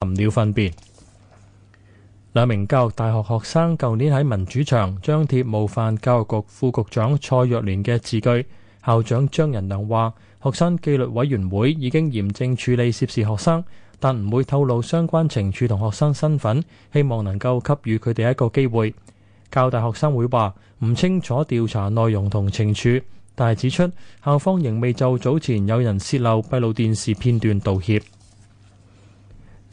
含鳥分別兩名教育大學學生舊年喺民主牆張貼冒犯教育局副局長蔡若蓮嘅字句，校長張仁良話：學生紀律委員會已經嚴正處理涉事學生，但唔會透露相關懲處同學生身份，希望能夠給予佢哋一個機會。教大學生會話唔清楚調查內容同懲處，但係指出校方仍未就早前有人泄漏閉路電視片段道歉。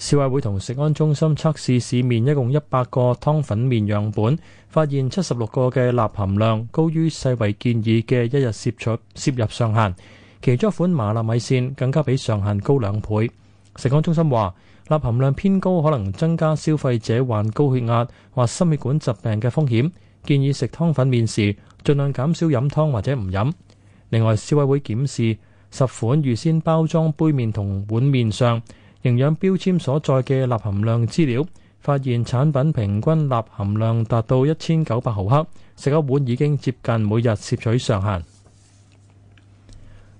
消委會同食安中心測試市面一共一百個湯粉麵樣本，發現七十六個嘅鈉含量高於世衛建議嘅一日攝取攝入上限，其中一款麻辣米線更加比上限高兩倍。食安中心話，鈉含量偏高可能增加消費者患高血壓或心血管疾病嘅風險，建議食湯粉麵時盡量減少飲湯或者唔飲。另外，消委會檢視十款預先包裝杯麵同碗麵上營養標籤所在嘅鈉含量資料，發現產品平均鈉含量達到一千九百毫克，食一碗已經接近每日攝取上限。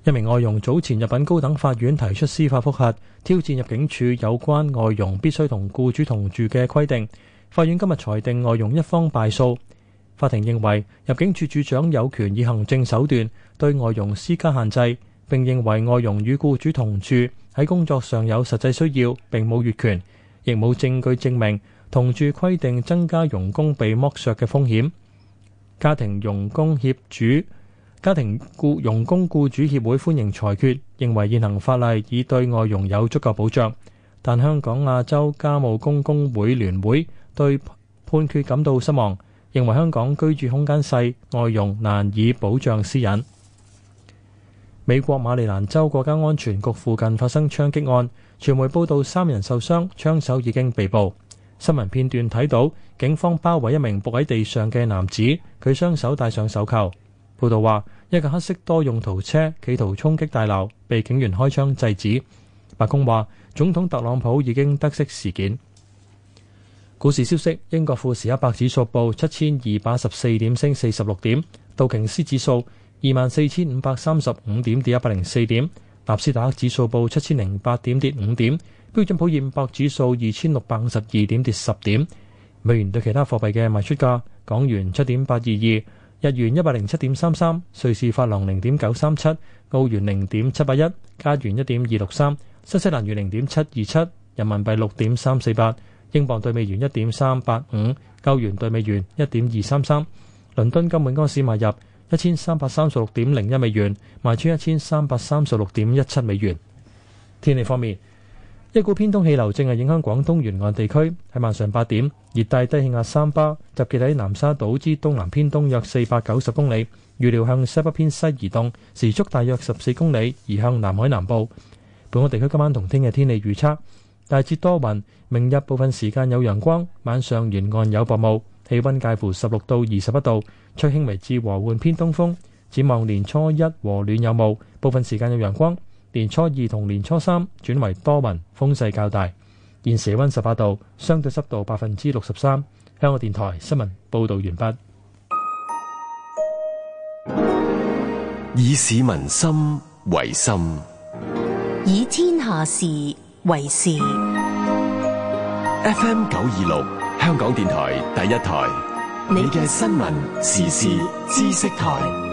一名外傭早前入禀高等法院提出司法覆核，挑戰入境處有關外傭必須同雇主同住嘅規定。法院今日裁定外傭一方敗訴。法庭認為入境處處長有權以行政手段對外傭施加限制，並認為外傭與雇主同住。喺工作上有實際需要，並冇越權，亦冇證據證明同住規定增加傭工被剝削嘅風險。家庭傭工僱主、家庭僱傭工僱主協會歡迎裁決，認為現行法例已對外傭有足夠保障。但香港亞洲家務工工會聯會對判決感到失望，認為香港居住空間細，外傭難以保障私隱。美國馬里蘭州國家安全局附近發生槍擊案，傳媒報道三人受傷，槍手已經被捕。新聞片段睇到警方包圍一名伏喺地上嘅男子，佢雙手戴上手銬。報道話，一架黑色多用途車企圖衝擊大樓，被警員開槍制止。白宮話，總統特朗普已經得悉事件。股市消息：英國富時一百指數報七千二百十四點，升四十六點。道瓊斯指數。二萬四千五百三十五點，跌一百零四點，納斯達克指數報七千零八點，跌五點，標準普爾五百指數二千六百五十二點，跌十點。美元對其他貨幣嘅賣出價：港元七點八二二，日元一百零七點三三，瑞士法郎零點九三七，澳元零點七八一，加元一點二六三，新西蘭元零點七二七，人民幣六點三四八，英鎊對美元一點三八五，歐元對美元一點二三三。倫敦金本安市買入。一千三百三十六點零一美元，賣出一千三百三十六點一七美元。天氣方面，一股偏東氣流正係影響廣東沿岸地區，喺晚上八點，熱帶低氣壓三巴集結喺南沙島之東南偏東約四百九十公里，預料向西北偏西移動，時速大約十四公里，移向南海南部。本港地區今晚同聽日天氣預測，大致多雲，明日部分時間有陽光，晚上沿岸有薄霧。氣溫介乎十六到二十一度，吹輕微至和緩偏東風。展望年初一和暖有霧，部分時間有陽光。年初二同年初三轉為多雲，風勢較大。現時氣溫十八度，相對濕度百分之六十三。香港電台新聞報道完畢。以市民心為心，以天下事為事。FM 九二六。香港電台第一台，你嘅新聞時事知識台。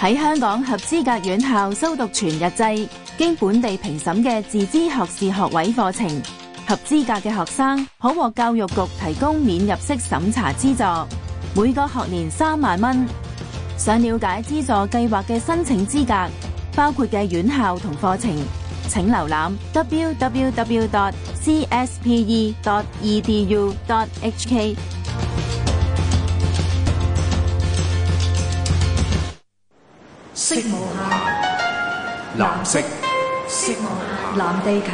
喺香港合資格院校修讀全日制，經本地評審嘅自資學士學位課程，合資格嘅學生可獲教育局提供免入息審查資助，每個學年三萬蚊。想了解資助計劃嘅申請資格，包括嘅院校同課程，請瀏覽 www.cspe.edu.hk。母下藍色，母下藍色，藍地球。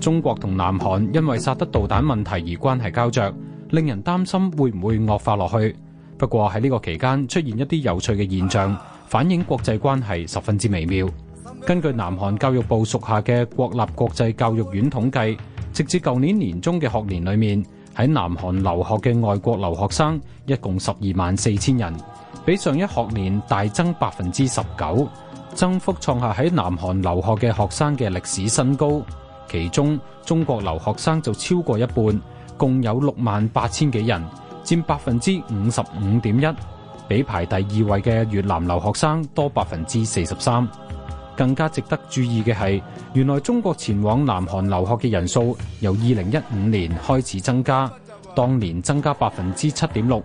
中國同南韓因為薩德導彈問題而關係膠着，令人擔心會唔會惡化落去。不過喺呢個期間出現一啲有趣嘅現象，反映國際關係十分之微妙。根據南韓教育部屬下嘅國立國際教育院統計，直至舊年年中嘅學年裏面，喺南韓留學嘅外國留學生一共十二萬四千人，比上一學年大增百分之十九，增幅創下喺南韓留學嘅學生嘅歷史新高。其中中國留學生就超過一半，共有六萬八千幾人，佔百分之五十五點一，比排第二位嘅越南留學生多百分之四十三。更加值得注意嘅係，原來中國前往南韓留學嘅人數由2015年開始增加，當年增加百分之七點六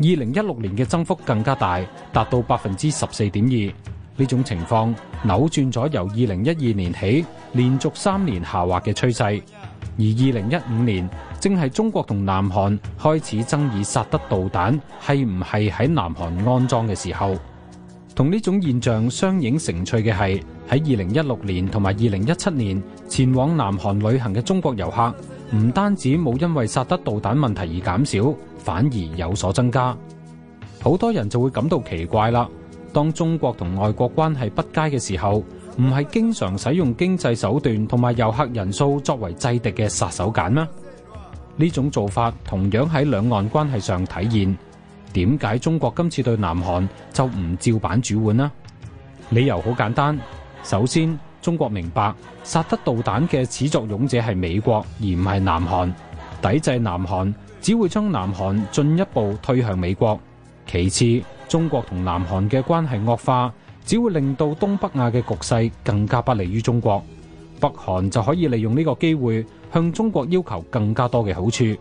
，2016年嘅增幅更加大，達到百分之十四點二。呢種情況扭轉咗由2012年起連續三年下滑嘅趨勢，而2015年正係中國同南韓開始爭議薩德導彈係唔係喺南韓安裝嘅時候。同呢種現象相映成趣嘅係，喺二零一六年同埋二零一七年前往南韓旅行嘅中國遊客，唔單止冇因為薩德導彈問題而減少，反而有所增加。好多人就會感到奇怪啦。當中國同外國關係不佳嘅時候，唔係經常使用經濟手段同埋遊客人數作為制敵嘅殺手鐧咩？呢種做法同樣喺兩岸關係上體現。點解中國今次對南韓就唔照板煮碗呢？理由好簡單，首先中國明白薩德導彈嘅始作俑者係美國，而唔係南韓。抵制南韓只會將南韓進一步推向美國。其次，中國同南韓嘅關係惡化，只會令到東北亞嘅局勢更加不利於中國。北韓就可以利用呢個機會向中國要求更加多嘅好處。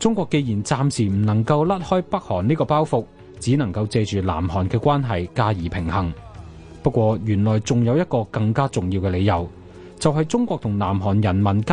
中國既然暫時唔能夠甩開北韓呢個包袱，只能夠借住南韓嘅關係加以平衡。不過原來仲有一個更加重要嘅理由，就係中國同南韓人民交。